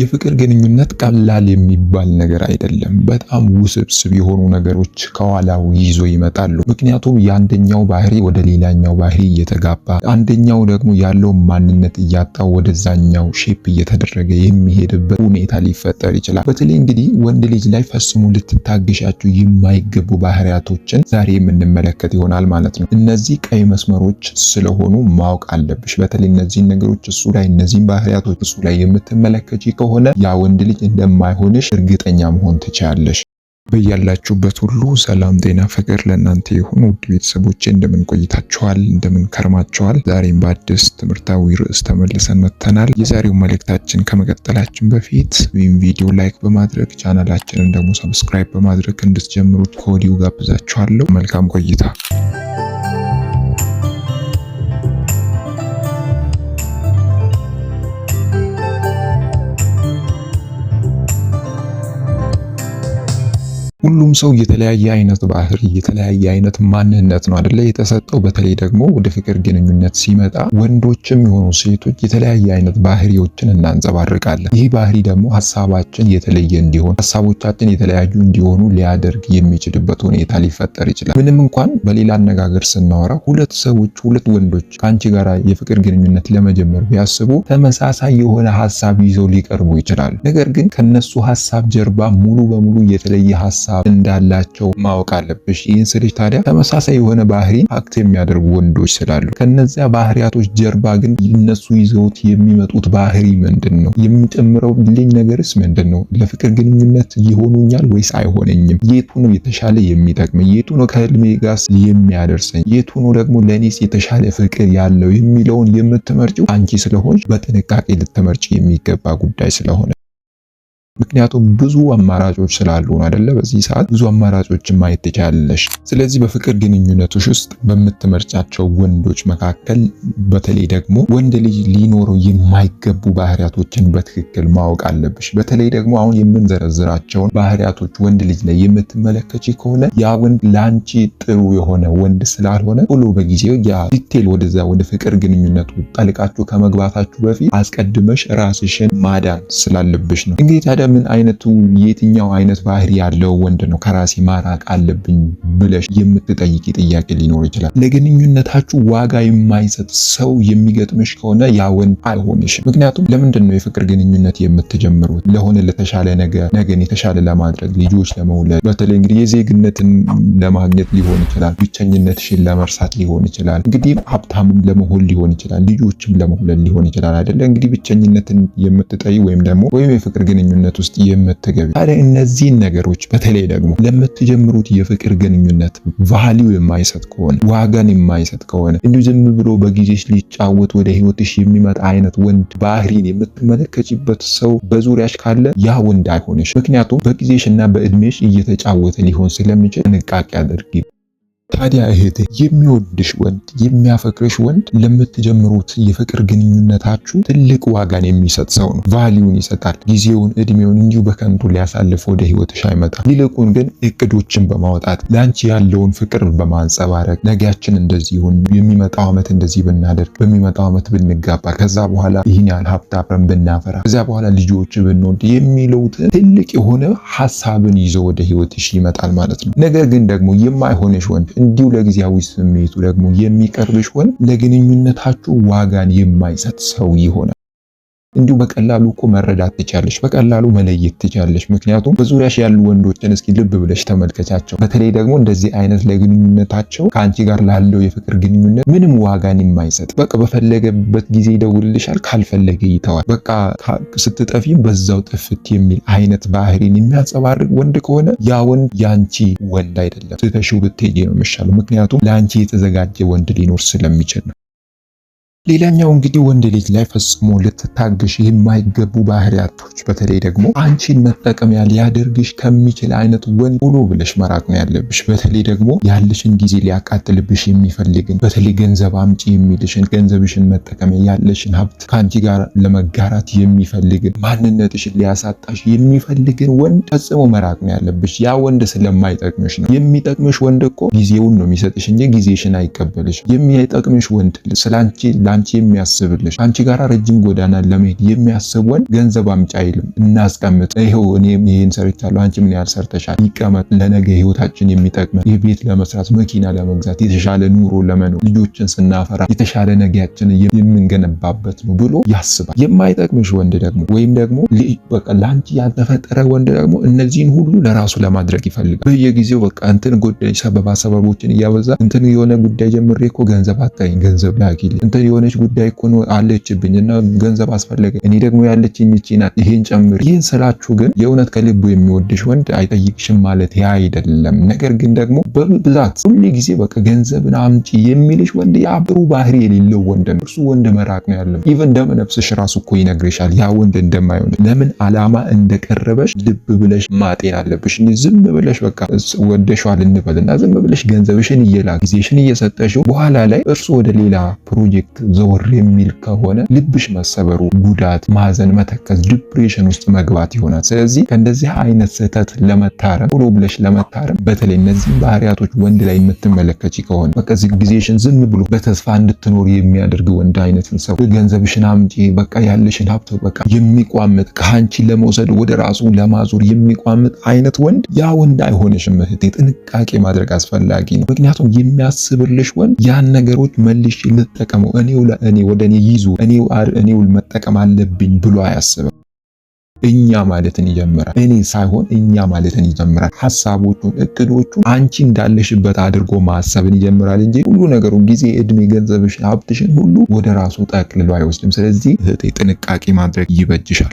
የፍቅር ግንኙነት ቀላል የሚባል ነገር አይደለም። በጣም ውስብስብ የሆኑ ነገሮች ከኋላው ይዞ ይመጣሉ። ምክንያቱም የአንደኛው ባህሪ ወደ ሌላኛው ባህሪ እየተጋባ፣ አንደኛው ደግሞ ያለውን ማንነት እያጣ ወደዛኛው ሼፕ እየተደረገ የሚሄድበት ሁኔታ ሊፈጠር ይችላል። በተለይ እንግዲህ ወንድ ልጅ ላይ ፈጽሞ ልትታገሻቸው የማይገቡ ባህሪያቶችን ዛሬ የምንመለከት ይሆናል ማለት ነው። እነዚህ ቀይ መስመሮች ስለሆኑ ማወቅ አለብሽ። በተለይ እነዚህን ነገሮች እሱ ላይ እነዚህን ባህሪያቶች እሱ ላይ የምትመለከች ከሆነ ያ ወንድ ልጅ እንደማይሆንሽ እርግጠኛ መሆን ትችያለሽ። በያላችሁበት ሁሉ ሰላም፣ ጤና፣ ፍቅር ለእናንተ የሆኑ ውድ ቤተሰቦቼ እንደምን ቆይታችኋል? እንደምን ከርማችኋል? ዛሬም በአዲስ ትምህርታዊ ርዕስ ተመልሰን መጥተናል። የዛሬው መልእክታችን ከመቀጠላችን በፊት ወይም ቪዲዮ ላይክ በማድረግ ቻናላችንን ደግሞ ሰብስክራይብ በማድረግ እንድትጀምሩት ከወዲሁ ጋብዛችኋለሁ። መልካም ቆይታ ሁሉም ሰው የተለያየ አይነት ባህሪ የተለያየ አይነት ማንነት ነው አደለ የተሰጠው። በተለይ ደግሞ ወደ ፍቅር ግንኙነት ሲመጣ ወንዶችም የሆኑ ሴቶች የተለያየ አይነት ባህሪዎችን እናንጸባርቃለን። ይህ ባህሪ ደግሞ ሀሳባችን የተለየ እንዲሆን፣ ሀሳቦቻችን የተለያዩ እንዲሆኑ ሊያደርግ የሚችልበት ሁኔታ ሊፈጠር ይችላል። ምንም እንኳን በሌላ አነጋገር ስናወራ ሁለት ሰዎች ሁለት ወንዶች ከአንቺ ጋር የፍቅር ግንኙነት ለመጀመር ቢያስቡ ተመሳሳይ የሆነ ሀሳብ ይዘው ሊቀርቡ ይችላሉ። ነገር ግን ከነሱ ሀሳብ ጀርባ ሙሉ በሙሉ የተለየ ሀሳብ ሀሳብ እንዳላቸው ማወቅ አለብሽ። ይህን ስልሽ ታዲያ ተመሳሳይ የሆነ ባህሪ አክት የሚያደርጉ ወንዶች ስላሉ ከነዚያ ባህሪያቶች ጀርባ ግን እነሱ ይዘውት የሚመጡት ባህሪ ምንድን ነው? የሚጨምረውልኝ ነገርስ ምንድን ነው? ለፍቅር ግንኙነት ይሆኑኛል ወይስ አይሆነኝም? የቱ ነው የተሻለ የሚጠቅመኝ? የቱ ነው ከህልሜ ጋስ የሚያደርሰኝ? የቱ ነው ደግሞ ለእኔስ የተሻለ ፍቅር ያለው የሚለውን የምትመርጭው አንቺ ስለሆንሽ በጥንቃቄ ልትመርጭ የሚገባ ጉዳይ ስለሆነ ምክንያቱም ብዙ አማራጮች ስላሉ ነው አይደለ? በዚህ ሰዓት ብዙ አማራጮችን ማየት ትችላለሽ። ስለዚህ በፍቅር ግንኙነቶች ውስጥ በምትመርጫቸው ወንዶች መካከል በተለይ ደግሞ ወንድ ልጅ ሊኖረው የማይገቡ ባህሪያቶችን በትክክል ማወቅ አለብሽ። በተለይ ደግሞ አሁን የምንዘረዝራቸውን ባህሪያቶች ወንድ ልጅ ላይ የምትመለከች ከሆነ ያ ወንድ ለአንቺ ጥሩ የሆነ ወንድ ስላልሆነ ቶሎ በጊዜው ያ ዲቴል ወደዛ ወደ ፍቅር ግንኙነቱ ጠልቃችሁ ከመግባታችሁ በፊት አስቀድመሽ ራስሽን ማዳን ስላለብሽ ነው እንግዲህ እንደምን አይነቱ የትኛው አይነት ባህሪ ያለው ወንድ ነው ከራሴ ማራቅ አለብኝ ብለሽ የምትጠይቂ ጥያቄ ሊኖር ይችላል። ለግንኙነታችሁ ዋጋ የማይሰጥ ሰው የሚገጥምሽ ከሆነ ያ ወንድ አይሆንሽም። ምክንያቱም ለምንድን ነው የፍቅር ግንኙነት የምትጀምሩት? ለሆነ ለተሻለ ነገር፣ ነገን የተሻለ ለማድረግ፣ ልጆች ለመውለድ፣ በተለይ እንግዲህ የዜግነትን ለማግኘት ሊሆን ይችላል። ብቸኝነትሽን ለመርሳት ሊሆን ይችላል። እንግዲህ ሀብታምም ለመሆን ሊሆን ይችላል። ልጆችም ለመውለድ ሊሆን ይችላል። አይደለ እንግዲህ ብቸኝነትን የምትጠይ ወይም ደግሞ ወይም የፍቅር ግንኙነት ውስጥ የምትገቢ ታዲያ እነዚህን ነገሮች በተለይ ደግሞ ለምትጀምሩት የፍቅር ግንኙነት ግንኙነት ቫሊው የማይሰጥ ከሆነ ዋጋን የማይሰጥ ከሆነ እንዲሁ ዝም ብሎ በጊዜሽ ሊጫወት ወደ ህይወትሽ የሚመጣ አይነት ወንድ ባህሪን የምትመለከችበት ሰው በዙሪያሽ ካለ ያ ወንድ አይሆንሽ። ምክንያቱም በጊዜሽ እና በእድሜሽ እየተጫወተ ሊሆን ስለሚችል ጥንቃቄ አድርጊ። ታዲያ እህቴ የሚወድሽ ወንድ የሚያፈቅርሽ ወንድ ለምትጀምሩት የፍቅር ግንኙነታችሁ ትልቅ ዋጋን የሚሰጥ ሰው ነው። ቫሊዩን ይሰጣል። ጊዜውን፣ እድሜውን እንዲሁ በከንቱ ሊያሳልፍ ወደ ህይወትሽ አይመጣም። ይልቁን ግን እቅዶችን በማውጣት ለአንቺ ያለውን ፍቅር በማንጸባረቅ ነጋችን እንደዚህ ይሁን፣ የሚመጣው ዓመት እንደዚህ ብናደርግ፣ በሚመጣው ዓመት ብንጋባ፣ ከዛ በኋላ ይህን ያህል ሀብት ብናፈራ፣ ከዚያ በኋላ ልጆች ብንወድ የሚለውት ትልቅ የሆነ ሀሳብን ይዞ ወደ ህይወትሽ ይመጣል ማለት ነው። ነገር ግን ደግሞ የማይሆንሽ ወንድ እንዲሁ ለጊዜያዊ ስሜቱ ደግሞ የሚቀርብሽ ሆን ለግንኙነታችሁ ዋጋን የማይሰጥ ሰው ይሆናል። እንዲሁ በቀላሉ እኮ መረዳት ትቻለሽ፣ በቀላሉ መለየት ትቻለሽ። ምክንያቱም በዙሪያሽ ያሉ ወንዶችን እስኪ ልብ ብለሽ ተመልከቻቸው። በተለይ ደግሞ እንደዚህ አይነት ለግንኙነታቸው ከአንቺ ጋር ላለው የፍቅር ግንኙነት ምንም ዋጋን የማይሰጥ በቃ በፈለገበት ጊዜ ይደውልልሻል፣ ካልፈለገ ይተዋል። በቃ ስትጠፊም በዛው ጥፍት የሚል አይነት ባህሪን የሚያንጸባርቅ ወንድ ከሆነ ያ ወንድ ያንቺ ወንድ አይደለም። ስተሽው ብትሄጂ ነው የሚሻለው። ምክንያቱም ለአንቺ የተዘጋጀ ወንድ ሊኖር ስለሚችል ነው። ሌላኛው እንግዲህ ወንድ ልጅ ላይ ፈጽሞ ልትታገሽ የማይገቡ ባህሪያቶች በተለይ ደግሞ አንቺን መጠቀሚያ ሊያደርግሽ ከሚችል አይነት ወንድ ሁሉ ብለሽ መራቅ ነው ያለብሽ። በተለይ ደግሞ ያለሽን ጊዜ ሊያቃጥልብሽ የሚፈልግን በተለይ ገንዘብ አምጪ የሚልሽን ገንዘብሽን መጠቀሚያ ያለሽን ሀብት ከአንቺ ጋር ለመጋራት የሚፈልግን ማንነትሽን ሊያሳጣሽ የሚፈልግን ወንድ ፈጽሞ መራቅ ነው ያለብሽ። ያ ወንድ ስለማይጠቅምሽ ነው። የሚጠቅምሽ ወንድ እኮ ጊዜውን ነው የሚሰጥሽ እንጂ ጊዜሽን አይቀበልሽ። የሚጠቅምሽ ወንድ ስለአንቺ ለአንቺ የሚያስብልሽ አንቺ ጋራ ረጅም ጎዳና ለመሄድ የሚያስብ ወንድ ገንዘብ አምጪ አይልም። እናስቀምጥ፣ ይኸው እኔ ይህን ሰርቻለሁ፣ አንቺ ምን ያህል ሰርተሻል፣ ይቀመጥ፣ ለነገ ህይወታችን የሚጠቅመን ይህ ቤት ለመስራት መኪና ለመግዛት የተሻለ ኑሮ ለመኖር ልጆችን ስናፈራ የተሻለ ነገያችን የምንገነባበት ነው ብሎ ያስባል። የማይጠቅምሽ ወንድ ደግሞ ወይም ደግሞ በቃ ለአንቺ ያልተፈጠረ ወንድ ደግሞ እነዚህን ሁሉ ለራሱ ለማድረግ ይፈልጋል። በየጊዜው በቃ እንትን ጎደለኝ ሰበባ ሰበቦችን እያበዛ እንትን የሆነ ጉዳይ ጀምሬ እኮ ገንዘብ አታይኝ ገንዘብ ላኪል እንትን የሆነ የሆነች ጉዳይ እኮ ነው አለችብኝ እና ገንዘብ አስፈለገ እኔ ደግሞ ያለችኝ ይቺ ናት ይሄን ጨምር ይህን ስላችሁ ግን የእውነት ከልቡ የሚወድሽ ወንድ አይጠይቅሽም ማለት ያ አይደለም ነገር ግን ደግሞ በብዛት ሁሌ ጊዜ በቃ ገንዘብን አምጪ የሚልሽ ወንድ ያ ጥሩ ባህሪ የሌለው ወንድ ነው እርሱ ወንድ መራቅ ነው ያለው ኢቨን ደመ ነፍስሽ ራሱ እኮ ይነግርሻል ያ ወንድ እንደማይሆን ለምን አላማ እንደቀረበሽ ልብ ብለሽ ማጤን አለብሽ ዝም ብለሽ በቃ ወደሸዋል እንበል እና ዝም ብለሽ ገንዘብሽን እየላ ጊዜሽን እየሰጠሽው በኋላ ላይ እርሱ ወደ ሌላ ፕሮጀክት ዘወር የሚል ከሆነ ልብሽ መሰበሩ፣ ጉዳት፣ ማዘን፣ መተከስ፣ ዲፕሬሽን ውስጥ መግባት ይሆናል። ስለዚህ ከእንደዚህ አይነት ስህተት ለመታረም ቶሎ ብለሽ ለመታረም በተለይ እነዚህ ባህሪያቶች ወንድ ላይ የምትመለከች ከሆነ በቃ ጊዜሽን ዝም ብሎ በተስፋ እንድትኖር የሚያደርግ ወንድ አይነትን ሰው ገንዘብሽን አምጪ በቃ ያለሽን ሀብት በቃ የሚቋምጥ ከአንቺ ለመውሰድ ወደ ራሱ ለማዞር የሚቋምጥ አይነት ወንድ ያ ወንድ አይሆንሽም እህቴ። ጥንቃቄ ማድረግ አስፈላጊ ነው። ምክንያቱም የሚያስብልሽ ወንድ ያን ነገሮች መልሽ ልጠቀመው እኔ ለእኔ ወደ እኔ ይዙ እኔው እኔው መጠቀም አለብኝ ብሎ አያስብም። እኛ ማለትን ይጀምራል። እኔ ሳይሆን እኛ ማለትን ይጀምራል። ሐሳቦቹን፣ እቅዶቹን አንቺ እንዳለሽበት አድርጎ ማሰብን ይጀምራል እንጂ ሁሉ ነገሩ ጊዜ፣ እድሜ፣ ገንዘብሽ፣ ሀብትሽን ሁሉ ወደ ራሱ ጠቅልሎ አይወስድም። ስለዚህ እህቴ ጥንቃቄ ማድረግ ይበጅሻል።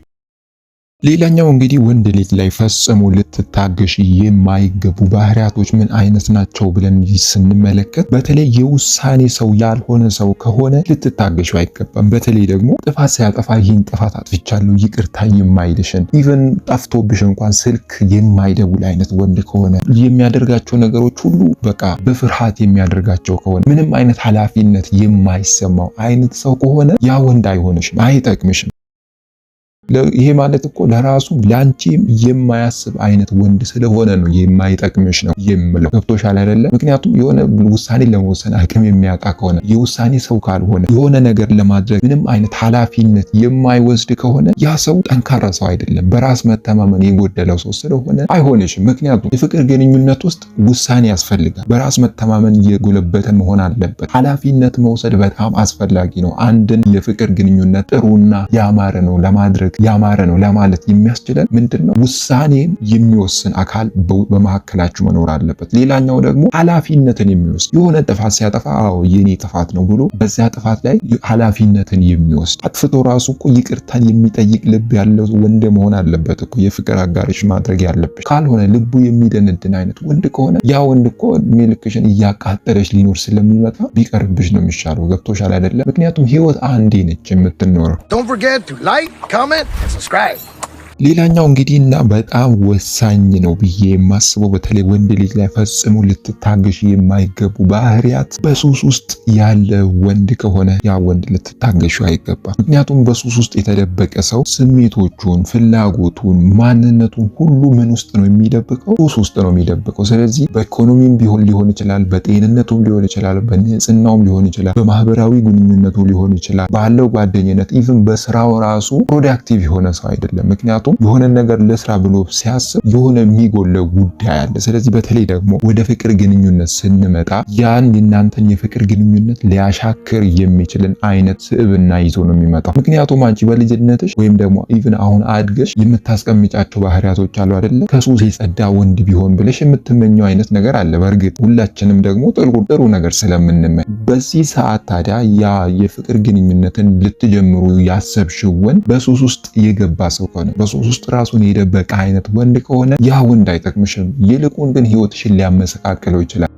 ሌላኛው እንግዲህ ወንድ ልጅ ላይ ፈጽሞ ልትታገሽ የማይገቡ ባህሪያቶች ምን አይነት ናቸው ብለን ስንመለከት በተለይ የውሳኔ ሰው ያልሆነ ሰው ከሆነ ልትታገሽ አይገባም። በተለይ ደግሞ ጥፋት ሲያጠፋ ይህን ጥፋት አጥፍቻለሁ ይቅርታ የማይልሽን ኢቨን ጠፍቶብሽ እንኳን ስልክ የማይደውል አይነት ወንድ ከሆነ የሚያደርጋቸው ነገሮች ሁሉ በቃ በፍርሃት የሚያደርጋቸው ከሆነ ምንም አይነት ኃላፊነት የማይሰማው አይነት ሰው ከሆነ ያ ወንድ አይሆንሽም፣ አይጠቅምሽም። ይሄ ማለት እኮ ለራሱም ለአንቺም የማያስብ አይነት ወንድ ስለሆነ ነው የማይጠቅምሽ ነው የምለው። ገብቶሻል አይደለ? ምክንያቱም የሆነ ውሳኔ ለመወሰን አቅም የሚያጣ ከሆነ የውሳኔ ሰው ካልሆነ የሆነ ነገር ለማድረግ ምንም አይነት ኃላፊነት የማይወስድ ከሆነ ያ ሰው ጠንካራ ሰው አይደለም፣ በራስ መተማመን የጎደለው ሰው ስለሆነ አይሆንሽም። ምክንያቱም የፍቅር ግንኙነት ውስጥ ውሳኔ ያስፈልጋል። በራስ መተማመን የጎለበተ መሆን አለበት። ኃላፊነት መውሰድ በጣም አስፈላጊ ነው። አንድን የፍቅር ግንኙነት ጥሩና ያማረ ነው ለማድረግ ያማረ ነው ለማለት የሚያስችለን ምንድን ነው? ውሳኔን የሚወስን አካል በመካከላችሁ መኖር አለበት። ሌላኛው ደግሞ ኃላፊነትን የሚወስድ የሆነ ጥፋት ሲያጠፋ አዎ የኔ ጥፋት ነው ብሎ በዚያ ጥፋት ላይ ኃላፊነትን የሚወስድ አጥፍቶ ራሱ እኮ ይቅርታን የሚጠይቅ ልብ ያለው ወንድ መሆን አለበት እኮ የፍቅር አጋሪሽ ማድረግ ያለብሽ። ካልሆነ ልቡ የሚደነድን አይነት ወንድ ከሆነ ያ ወንድ እኮ እድሜ እያቃጠለች ሊኖር ስለሚመጣ ቢቀርብሽ ነው የሚሻለው። ገብቶሻል አይደለም? ምክንያቱም ህይወት አንዴ ነች የምትኖረው። and subscribe. ሌላኛው እንግዲህ እና በጣም ወሳኝ ነው ብዬ የማስበው በተለይ ወንድ ልጅ ላይ ፈጽሞ ልትታገሽ የማይገቡ ባህሪያት በሱስ ውስጥ ያለ ወንድ ከሆነ ያ ወንድ ልትታገሹ አይገባም። ምክንያቱም በሱስ ውስጥ የተደበቀ ሰው ስሜቶቹን፣ ፍላጎቱን፣ ማንነቱን ሁሉ ምን ውስጥ ነው የሚደብቀው? ሱስ ውስጥ ነው የሚደብቀው። ስለዚህ በኢኮኖሚም ቢሆን ሊሆን ይችላል፣ በጤንነቱም ሊሆን ይችላል፣ በንጽህናውም ሊሆን ይችላል፣ በማህበራዊ ግንኙነቱ ሊሆን ይችላል፣ ባለው ጓደኝነት ኢቭን በስራው ራሱ ፕሮዳክቲቭ የሆነ ሰው አይደለም ምክንያቱም የሆነ ነገር ለስራ ብሎ ሲያስብ የሆነ የሚጎለ ጉዳይ አለ። ስለዚህ በተለይ ደግሞ ወደ ፍቅር ግንኙነት ስንመጣ ያን የእናንተን የፍቅር ግንኙነት ሊያሻክር የሚችልን አይነት ስዕብና ይዞ ነው የሚመጣው። ምክንያቱም አንቺ በልጅነትሽ ወይም ደግሞ ኢቭን አሁን አድገሽ የምታስቀምጫቸው ባህሪያቶች አሉ አይደለም ከሱስ የጸዳ ወንድ ቢሆን ብለሽ የምትመኘው አይነት ነገር አለ። በእርግጥ ሁላችንም ደግሞ ጥሩ ነገር ስለምንመኝ በዚህ ሰዓት ታዲያ ያ የፍቅር ግንኙነትን ልትጀምሩ ያሰብሽው ወንድ በሱስ ውስጥ የገባ ሰው ከሆነ ሱስ ውስጥ ራሱን የደበቀ አይነት ወንድ ከሆነ ያ ወንድ አይጠቅምሽም። ይልቁን ግን ህይወትሽን ሊያመሰቃቅለው ይችላል።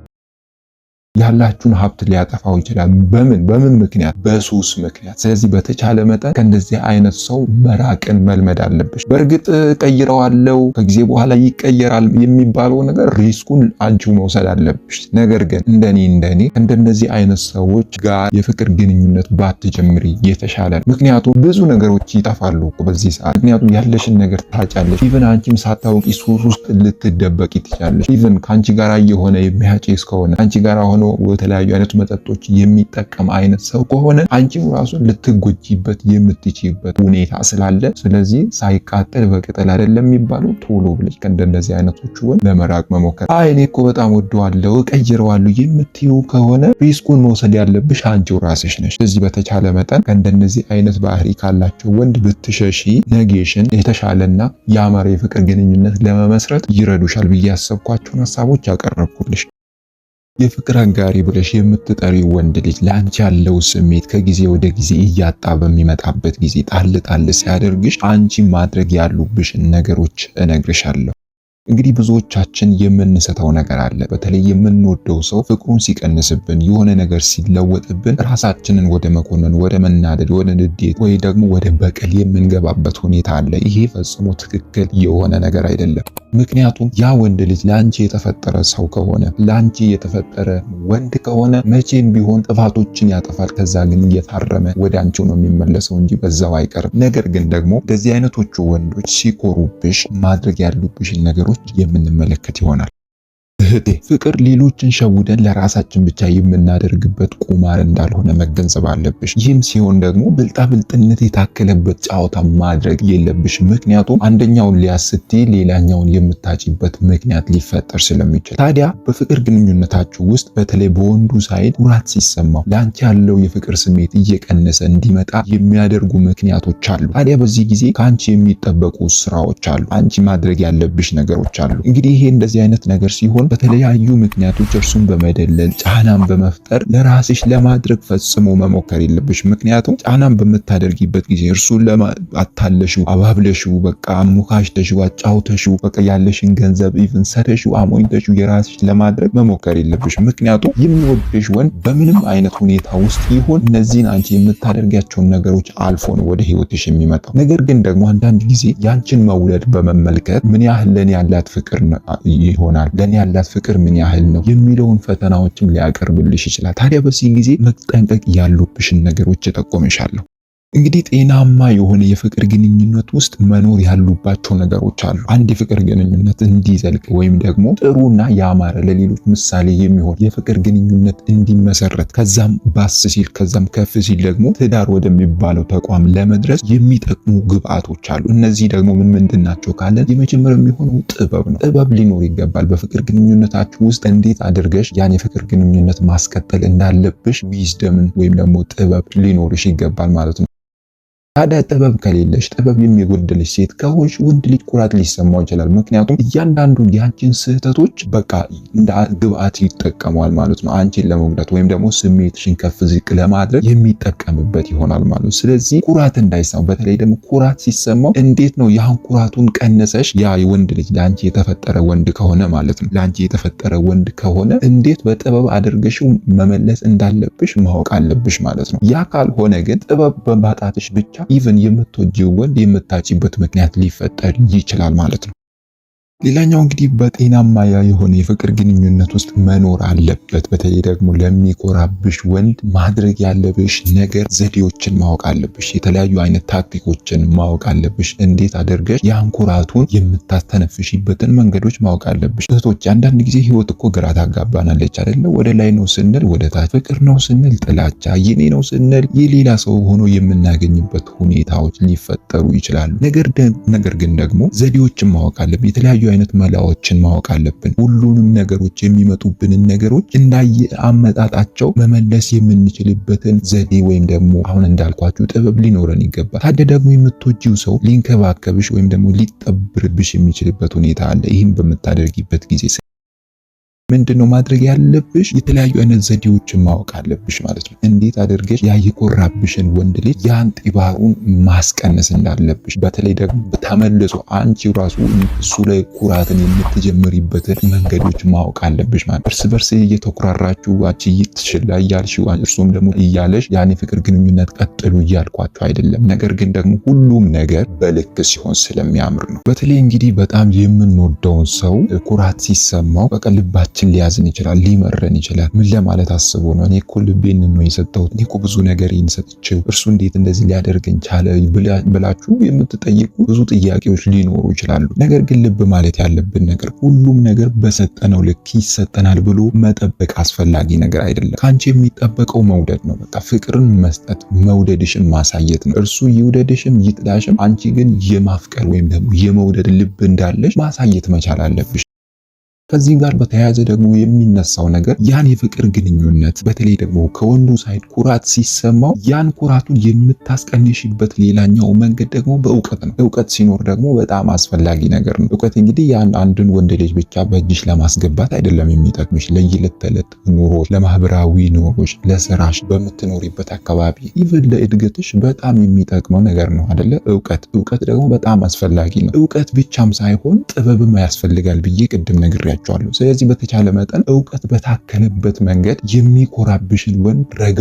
ያላችሁን ሀብት ሊያጠፋው ይችላል። በምን በምን ምክንያት? በሱስ ምክንያት። ስለዚህ በተቻለ መጠን ከእንደዚህ አይነት ሰው መራቅን መልመድ አለብሽ። በእርግጥ ቀይረዋለው ከጊዜ በኋላ ይቀየራል የሚባለው ነገር ሪስኩን አንቺ መውሰድ አለብሽ። ነገር ግን እንደኔ እንደኔ ከእንደነዚህ አይነት ሰዎች ጋር የፍቅር ግንኙነት ባትጀምሪ የተሻለ ነው። ምክንያቱም ብዙ ነገሮች ይጠፋሉ በዚህ ሰዓት። ምክንያቱም ያለሽን ነገር ታጫለሽ። ኢቨን አንቺም ሳታውቂ ሱስ ውስጥ ልትደበቅ ትችላለሽ። ኢቨን ከአንቺ ጋር የሆነ የሚያጭ እስከሆነ አንቺ ጋር ሆነ ሆኖ የተለያዩ አይነት መጠጦች የሚጠቀም አይነት ሰው ከሆነ አንቺም ራሱ ልትጎጂበት የምትችይበት ሁኔታ ስላለ ስለዚህ ሳይቃጠል በቅጠል አይደለም የሚባለው ቶሎ ብለሽ ከእንደነዚህ አይነቶቹ ወን ለመራቅ መሞከር። አይ እኔ እኮ በጣም ወደዋለሁ እቀይረዋለሁ የምትዩ ከሆነ ሪስኩን መውሰድ ያለብሽ አንቺው ራስሽ ነሽ። ስለዚህ በተቻለ መጠን ከእንደነዚህ አይነት ባህሪ ካላቸው ወንድ ብትሸሺ ነጌሽን የተሻለና የአማረ የፍቅር ግንኙነት ለመመስረት ይረዱሻል ብዬ ያሰብኳቸውን ሀሳቦች ያቀረብኩልሽ የፍቅር አጋሪ ብለሽ የምትጠሪው ወንድ ልጅ ለአንቺ ያለው ስሜት ከጊዜ ወደ ጊዜ እያጣ በሚመጣበት ጊዜ ጣል ጣል ሲያደርግሽ አንቺ ማድረግ ያሉብሽን ነገሮች እነግርሻለሁ። እንግዲህ ብዙዎቻችን የምንሰተው ነገር አለ። በተለይ የምንወደው ሰው ፍቅሩን ሲቀንስብን፣ የሆነ ነገር ሲለወጥብን ራሳችንን ወደ መኮንን ወደ መናደድ፣ ወደ ንዴት ወይ ደግሞ ወደ በቀል የምንገባበት ሁኔታ አለ። ይሄ ፈጽሞ ትክክል የሆነ ነገር አይደለም። ምክንያቱም ያ ወንድ ልጅ ለአንቺ የተፈጠረ ሰው ከሆነ ለአንቺ የተፈጠረ ወንድ ከሆነ መቼም ቢሆን ጥፋቶችን ያጠፋል። ከዛ ግን እየታረመ ወደ አንቺ ነው የሚመለሰው እንጂ በዛው አይቀርም። ነገር ግን ደግሞ እንደዚህ አይነቶቹ ወንዶች ሲኮሩብሽ ማድረግ ያሉብሽን ነገሮች ሁኔታዎች የምንመለከት ይሆናል። እህቴ ፍቅር ሌሎችን ሸውደን ለራሳችን ብቻ የምናደርግበት ቁማር እንዳልሆነ መገንዘብ አለብሽ። ይህም ሲሆን ደግሞ ብልጣብልጥነት የታከለበት ጨዋታ ማድረግ የለብሽ። ምክንያቱም አንደኛውን ሊያስቲ ሌላኛውን የምታጭበት ምክንያት ሊፈጠር ስለሚችል፣ ታዲያ በፍቅር ግንኙነታችሁ ውስጥ በተለይ በወንዱ ሳይድ ኩራት ሲሰማው ለአንቺ ያለው የፍቅር ስሜት እየቀነሰ እንዲመጣ የሚያደርጉ ምክንያቶች አሉ። ታዲያ በዚህ ጊዜ ከአንቺ የሚጠበቁ ስራዎች አሉ። አንቺ ማድረግ ያለብሽ ነገሮች አሉ። እንግዲህ ይሄ እንደዚህ አይነት ነገር ሲሆን በተለያዩ ምክንያቶች እርሱን በመደለል ጫናን በመፍጠር ለራስሽ ለማድረግ ፈጽሞ መሞከር የለብሽ። ምክንያቱም ጫናን በምታደርጊበት ጊዜ እርሱን ለአታለሹ አባብለሹ፣ በቃ አሞካሽተሹ፣ አጫውተሹ፣ በቃ ያለሽን ገንዘብ ኢቭን ሰተሹ፣ አሞኝተሹ የራስሽ ለማድረግ መሞከር የለብሽ። ምክንያቱም የሚወድሽ ወንድ በምንም አይነት ሁኔታ ውስጥ ይሆን እነዚህን አንቺ የምታደርጊያቸውን ነገሮች አልፎ ነው ወደ ህይወትሽ የሚመጣው። ነገር ግን ደግሞ አንዳንድ ጊዜ ያንቺን መውለድ በመመልከት ምን ያህል ለእኔ ያላት ፍቅር ይሆናል ለእኔ ያላት ያላት ፍቅር ምን ያህል ነው የሚለውን ፈተናዎችም ሊያቀርብልሽ ይችላል። ታዲያ በዚህ ጊዜ መጠንቀቅ ያሉብሽን ነገሮች እጠቆምሻለሁ። እንግዲህ ጤናማ የሆነ የፍቅር ግንኙነት ውስጥ መኖር ያሉባቸው ነገሮች አሉ። አንድ የፍቅር ግንኙነት እንዲዘልቅ ወይም ደግሞ ጥሩና ያማረ ለሌሎች ምሳሌ የሚሆን የፍቅር ግንኙነት እንዲመሰረት ከዛም ባስ ሲል ከዛም ከፍ ሲል ደግሞ ትዳር ወደሚባለው ተቋም ለመድረስ የሚጠቅሙ ግብአቶች አሉ። እነዚህ ደግሞ ምን ምንድን ናቸው ካለን የመጀመሪያው የሚሆነው ጥበብ ነው። ጥበብ ሊኖር ይገባል። በፍቅር ግንኙነታችሁ ውስጥ እንዴት አድርገሽ ያን የፍቅር ግንኙነት ማስቀጠል እንዳለብሽ ዊዝደምን ወይም ደግሞ ጥበብ ሊኖርሽ ይገባል ማለት ነው። ታዲያ ጥበብ ከሌለሽ ጥበብ የሚጎድልሽ ሴት ከሆንሽ ወንድ ልጅ ኩራት ሊሰማው ይችላል። ምክንያቱም እያንዳንዱ ያንቺን ስህተቶች በቃ እንደ ግብአት ይጠቀመዋል ማለት ነው። አንቺን ለመጉዳት ወይም ደግሞ ስሜትሽን ከፍ ዝቅ ለማድረግ የሚጠቀምበት ይሆናል ማለት ነው። ስለዚህ ኩራት እንዳይሰማው፣ በተለይ ደግሞ ኩራት ሲሰማው እንዴት ነው ያን ኩራቱን ቀንሰሽ ያ ወንድ ልጅ ለአንቺ የተፈጠረ ወንድ ከሆነ ማለት ነው ለአንቺ የተፈጠረ ወንድ ከሆነ እንዴት በጥበብ አድርገሽው መመለስ እንዳለብሽ ማወቅ አለብሽ ማለት ነው። ያ ካልሆነ ግን ጥበብ በማጣትሽ ብቻ ኢቭን የምትወጂው ወንድ የምታጭበት ምክንያት ሊፈጠር ይችላል ማለት ነው። ሌላኛው እንግዲህ በጤናማ የሆነ የፍቅር ግንኙነት ውስጥ መኖር አለበት። በተለይ ደግሞ ለሚኮራብሽ ወንድ ማድረግ ያለብሽ ነገር ዘዴዎችን ማወቅ አለብሽ። የተለያዩ አይነት ታክቲኮችን ማወቅ አለብሽ። እንዴት አድርገሽ ያን ኩራቱን የምታስተነፍሽበትን መንገዶች ማወቅ አለብሽ። እህቶች፣ አንዳንድ ጊዜ ህይወት እኮ ግራ ታጋባናለች አይደለ? ወደ ላይ ነው ስንል ወደ ታች፣ ፍቅር ነው ስንል ጥላቻ፣ የኔ ነው ስንል የሌላ ሰው ሆኖ የምናገኝበት ሁኔታዎች ሊፈጠሩ ይችላሉ። ነገር ግን ደግሞ ዘዴዎችን ማወቅ አለብን የተለያዩ የተለያዩ አይነት መላዎችን ማወቅ አለብን። ሁሉንም ነገሮች የሚመጡብንን ነገሮች እንዳየ አመጣጣቸው መመለስ የምንችልበትን ዘዴ ወይም ደግሞ አሁን እንዳልኳችሁ ጥበብ ሊኖረን ይገባል። ታዲያ ደግሞ የምትወጂው ሰው ሊንከባከብሽ ወይም ደግሞ ሊጠብርብሽ የሚችልበት ሁኔታ አለ። ይህም በምታደርጊበት ጊዜ ምንድነው ማድረግ ያለብሽ? የተለያዩ አይነት ዘዴዎችን ማወቅ አለብሽ ማለት ነው። እንዴት አድርገሽ ያ የኮራብሽን ወንድ ልጅ ያን ጢባሩን ማስቀነስ እንዳለብሽ፣ በተለይ ደግሞ ተመልሶ አንቺ ራሱ እሱ ላይ ኩራትን የምትጀምሪበትን መንገዶች ማወቅ አለብሽ ማለት እርስ በርስ እየተኩራራችሁ አንቺ ትችላ እያልሽው እርሱም ደግሞ እያለሽ ያኔ ፍቅር ግንኙነት ቀጥሉ እያልኳቸው አይደለም። ነገር ግን ደግሞ ሁሉም ነገር በልክ ሲሆን ስለሚያምር ነው። በተለይ እንግዲህ በጣም የምንወደውን ሰው ኩራት ሲሰማው በቀልባችን ውስጣችን ሊያዝን ይችላል፣ ሊመረን ይችላል። ምን ለማለት አስቦ ነው? እኔ እኮ ልቤን ነው የሰጠሁት፣ እኔ እኮ ብዙ ነገር ሰጥቼው እርሱ እንዴት እንደዚህ ሊያደርገኝ ቻለ ብላችሁ የምትጠይቁ ብዙ ጥያቄዎች ሊኖሩ ይችላሉ። ነገር ግን ልብ ማለት ያለብን ነገር ሁሉም ነገር በሰጠነው ልክ ይሰጠናል ብሎ መጠበቅ አስፈላጊ ነገር አይደለም። ከአንቺ የሚጠበቀው መውደድ ነው። በቃ ፍቅርን መስጠት፣ መውደድሽን ማሳየት ነው። እርሱ ይውደድሽም ይጥላሽም፣ አንቺ ግን የማፍቀር ወይም ደግሞ የመውደድ ልብ እንዳለሽ ማሳየት መቻል አለብሽ። ከዚህ ጋር በተያያዘ ደግሞ የሚነሳው ነገር ያን የፍቅር ግንኙነት በተለይ ደግሞ ከወንዱ ሳይድ ኩራት ሲሰማው ያን ኩራቱን የምታስቀንሽበት ሌላኛው መንገድ ደግሞ በእውቀት ነው። እውቀት ሲኖር ደግሞ በጣም አስፈላጊ ነገር ነው። እውቀት እንግዲህ ያን አንድን ወንድ ልጅ ብቻ በእጅሽ ለማስገባት አይደለም የሚጠቅምሽ ለየለት ተለት ኑሮች፣ ለማህበራዊ ኑሮች፣ ለስራሽ፣ በምትኖሪበት አካባቢ ኢቨን ለእድገትሽ በጣም የሚጠቅመው ነገር ነው አደለ? እውቀት እውቀት ደግሞ በጣም አስፈላጊ ነው። እውቀት ብቻም ሳይሆን ጥበብም ያስፈልጋል ብዬ ቅድም ነግሬያቸው ብያችኋለሁ። ስለዚህ በተቻለ መጠን እውቀት በታከለበት መንገድ የሚኮራብሽን ወንድ ረጋ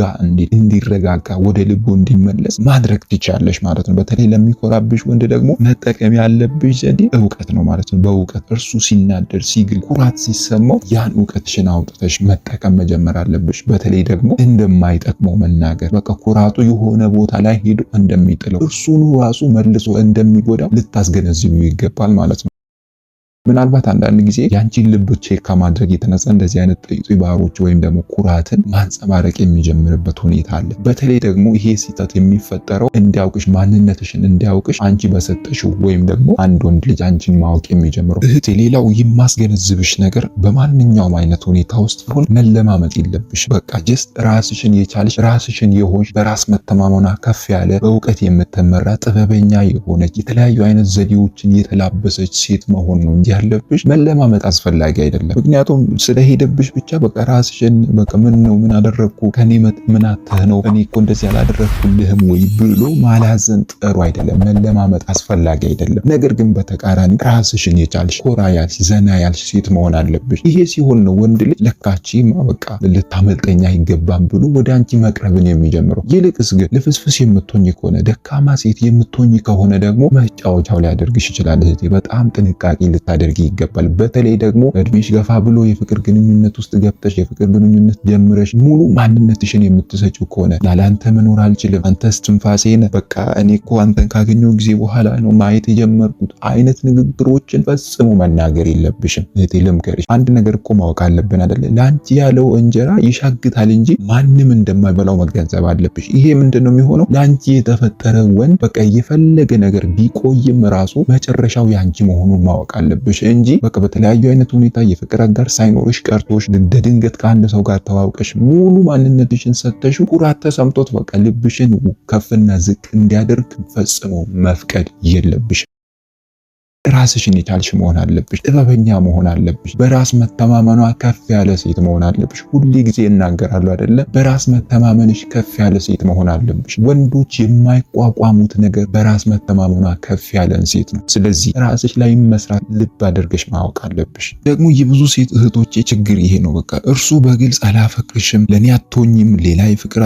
እንዲረጋጋ ወደ ልቡ እንዲመለስ ማድረግ ትችያለሽ ማለት ነው። በተለይ ለሚኮራብሽ ወንድ ደግሞ መጠቀም ያለብሽ ዘዴ እውቀት ነው ማለት ነው። በእውቀት እርሱ ሲናደር ሲግል፣ ኩራት ሲሰማው ያን እውቀትሽን አውጥተሽ መጠቀም መጀመር አለብሽ። በተለይ ደግሞ እንደማይጠቅመው መናገር በቃ ኩራቱ የሆነ ቦታ ላይ ሄዶ እንደሚጥለው እርሱኑ ራሱ መልሶ እንደሚጎዳው ልታስገነዝቡ ይገባል ማለት ነው። ምናልባት አንዳንድ ጊዜ ያንቺን ልብ ቼክ ከማድረግ የተነሳ እንደዚህ አይነት ጥይጡይ ባህሮች ወይም ደግሞ ኩራትን ማንጸባረቅ የሚጀምርበት ሁኔታ አለ። በተለይ ደግሞ ይሄ ስህተት የሚፈጠረው እንዲያውቅሽ ማንነትሽን እንዲያውቅሽ አንቺ በሰጠሽው ወይም ደግሞ አንድ ወንድ ልጅ አንቺን ማወቅ የሚጀምረው እህቴ። ሌላው የማስገነዝብሽ ነገር በማንኛውም አይነት ሁኔታ ውስጥ ሆን መለማመጥ የለብሽ። በቃ ጀስት ራስሽን የቻልሽ ራስሽን የሆንሽ በራስ መተማመኗ ከፍ ያለ በእውቀት የምትመራ ጥበበኛ የሆነች የተለያዩ አይነት ዘዴዎችን የተላበሰች ሴት መሆን ነው እንጂ ያለብሽ መለማመጥ አስፈላጊ አይደለም። ምክንያቱም ስለሄደብሽ ብቻ በቃ ራስሽን በቃ ምን ነው ምን አደረግኩ ከኔ ምን አተህ ነው እኔ እኮ እንደዚህ አላደረግኩልህም ወይ ብሎ ማላዘን ጥሩ አይደለም። መለማመጥ አስፈላጊ አይደለም። ነገር ግን በተቃራኒ ራስሽን የቻልሽ ኮራ ያልሽ ዘና ያልሽ ሴት መሆን አለብሽ። ይሄ ሲሆን ነው ወንድ ልጅ ለካቺ በቃ ልታመልጠኝ አይገባም ብሎ ወደ አንቺ መቅረብን የሚጀምረው። ይልቅስ ግን ልፍስፍስ የምትሆኝ ከሆነ ደካማ ሴት የምትሆኝ ከሆነ ደግሞ መጫወቻው ሊያደርግሽ ይችላል። እህቴ በጣም ጥንቃቄ ልታደ ልታደርጊ ይገባል። በተለይ ደግሞ እድሜሽ ገፋ ብሎ የፍቅር ግንኙነት ውስጥ ገብተሽ የፍቅር ግንኙነት ጀምረሽ ሙሉ ማንነትሽን የምትሰጪው ከሆነ ላለአንተ መኖር አልችልም፣ አንተ እስትንፋሴ ነህ፣ በቃ እኔ እኮ አንተን ካገኘው ጊዜ በኋላ ነው ማየት የጀመርኩት አይነት ንግግሮችን ፈጽሞ መናገር የለብሽም። እህቴ ልምከርሽ፣ አንድ ነገር እኮ ማወቅ አለብን አደለ? ለአንቺ ያለው እንጀራ ይሻግታል እንጂ ማንም እንደማይበላው መገንዘብ አለብሽ። ይሄ ምንድን ነው የሚሆነው? ለአንቺ የተፈጠረ ወንድ በቃ የፈለገ ነገር ቢቆይም ራሱ መጨረሻው ያንቺ መሆኑን ማወቅ አለብሽ። አለብሽ እንጂ በቃ በተለያዩ አይነት ሁኔታ የፍቅር አጋር ሳይኖርሽ ቀርቶሽ እንደ ድንገት ከአንድ ሰው ጋር ተዋውቀሽ ሙሉ ማንነትሽን ሰተሽ ኩራት ተሰምቶት በቃ ልብሽን ከፍና ዝቅ እንዲያደርግ ፈጽሞ መፍቀድ የለብሽ። ራስሽን የቻልሽ መሆን አለብሽ። ጥበበኛ መሆን አለብሽ። በራስ መተማመኗ ከፍ ያለ ሴት መሆን አለብሽ። ሁሌ ጊዜ እናገራሉ አይደለም። በራስ መተማመንሽ ከፍ ያለ ሴት መሆን አለብሽ። ወንዶች የማይቋቋሙት ነገር በራስ መተማመኗ ከፍ ያለን ሴት ነው። ስለዚህ ራስሽ ላይ መስራት ልብ አድርገሽ ማወቅ አለብሽ። ደግሞ የብዙ ሴት እህቶቼ ችግር ይሄ ነው። በቃ እርሱ በግልጽ አላፈቅርሽም፣ ለእኔ አትሆኝም፣ ሌላ የፍቅር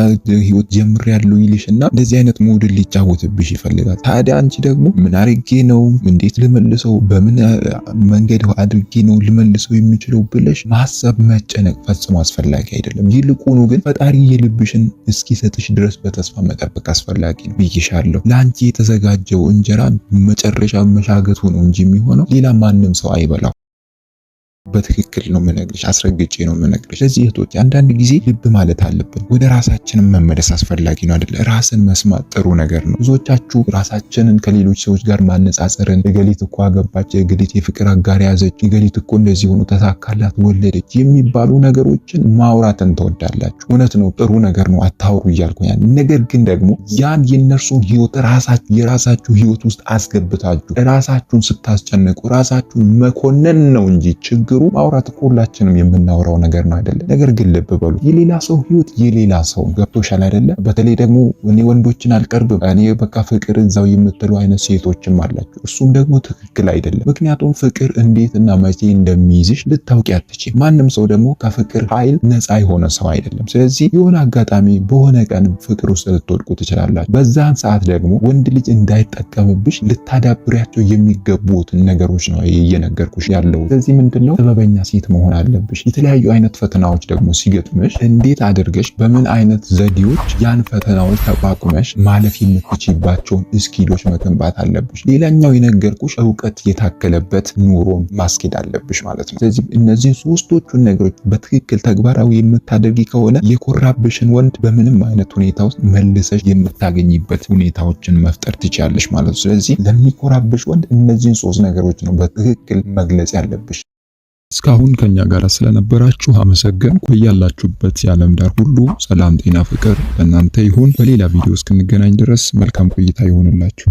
ህይወት ጀምሬያለሁ ይልሽ እና እንደዚህ አይነት ሞድል ሊጫወትብሽ ይፈልጋል። ታዲያ አንቺ ደግሞ ምን አርጌ ነው እንዴት ልምል ልመልሰው በምን መንገድ አድርጌ ነው ልመልሰው የሚችለው ብለሽ ማሰብ መጨነቅ ፈጽሞ አስፈላጊ አይደለም። ይልቁኑ ግን ፈጣሪ የልብሽን እስኪሰጥሽ ድረስ በተስፋ መጠበቅ አስፈላጊ ነው ብይሻለሁ። ለአንቺ የተዘጋጀው እንጀራ መጨረሻ መሻገቱ ነው እንጂ የሚሆነው ሌላ ማንም ሰው አይበላው። በትክክል ነው የምነግርሽ፣ አስረግጬ ነው የምነግርሽ። ስለዚህ እህቶች አንዳንድ ጊዜ ልብ ማለት አለብን። ወደ ራሳችን መመለስ አስፈላጊ ነው አይደለ? ራስን መስማት ጥሩ ነገር ነው። ብዙዎቻችሁ ራሳችንን ከሌሎች ሰዎች ጋር ማነጻጸርን፣ እገሊት እኮ አገባች፣ እገሊት የፍቅር አጋር ያዘች፣ እገሊት እኮ እንደዚህ ሆኖ ተሳካላት፣ ወለደች የሚባሉ ነገሮችን ማውራትን ትወዳላችሁ። እውነት ነው፣ ጥሩ ነገር ነው፣ አታውሩ እያልኩኛል። ነገር ግን ደግሞ ያን የእነርሱን ህይወት ራሳችሁ የራሳችሁ ህይወት ውስጥ አስገብታችሁ ራሳችሁን ስታስጨንቁ ራሳችሁን መኮነን ነው እንጂ ችግር ችግሩ ማውራት እኮ ሁላችንም የምናወራው ነገር ነው አይደለም። ነገር ግን ልብ በሉ የሌላ ሰው ህይወት የሌላ ሰው ገብቶሻል አይደለም። በተለይ ደግሞ እኔ ወንዶችን አልቀርብም እኔ በቃ ፍቅር እዛው የምትሉ አይነት ሴቶችም አላቸው። እሱም ደግሞ ትክክል አይደለም። ምክንያቱም ፍቅር እንዴት እና መቼ እንደሚይዝሽ ልታውቂ አትችል። ማንም ሰው ደግሞ ከፍቅር ኃይል ነፃ የሆነ ሰው አይደለም። ስለዚህ የሆነ አጋጣሚ በሆነ ቀን ፍቅር ውስጥ ልትወድቁ ትችላላችሁ። በዛን ሰዓት ደግሞ ወንድ ልጅ እንዳይጠቀምብሽ ልታዳብሪያቸው የሚገቡትን ነገሮች ነው እየነገርኩሽ ያለው። ስለዚህ ምንድን ነው ጥበበኛ ሴት መሆን አለብሽ። የተለያዩ አይነት ፈተናዎች ደግሞ ሲገጥምሽ እንዴት አድርገሽ በምን አይነት ዘዴዎች ያን ፈተናዎች ተቋቁመሽ ማለፍ የምትችይባቸውን እስኪሎች መገንባት አለብሽ። ሌላኛው የነገርኩሽ እውቀት የታከለበት ኑሮን ማስኬድ አለብሽ ማለት ነው። ስለዚህ እነዚህን ሶስቶቹን ነገሮች በትክክል ተግባራዊ የምታደርጊ ከሆነ የኮራብሽን ወንድ በምንም አይነት ሁኔታ ውስጥ መልሰሽ የምታገኝበት ሁኔታዎችን መፍጠር ትችያለሽ ማለት ነው። ስለዚህ ለሚኮራብሽ ወንድ እነዚህን ሶስት ነገሮች ነው በትክክል መግለጽ ያለብሽ። እስካሁን ከኛ ጋር ስለነበራችሁ አመሰገን። ቆያላችሁበት የዓለም ዳር ሁሉ ሰላም፣ ጤና፣ ፍቅር በእናንተ ይሁን። በሌላ ቪዲዮ እስክንገናኝ ድረስ መልካም ቆይታ ይሆንላችሁ።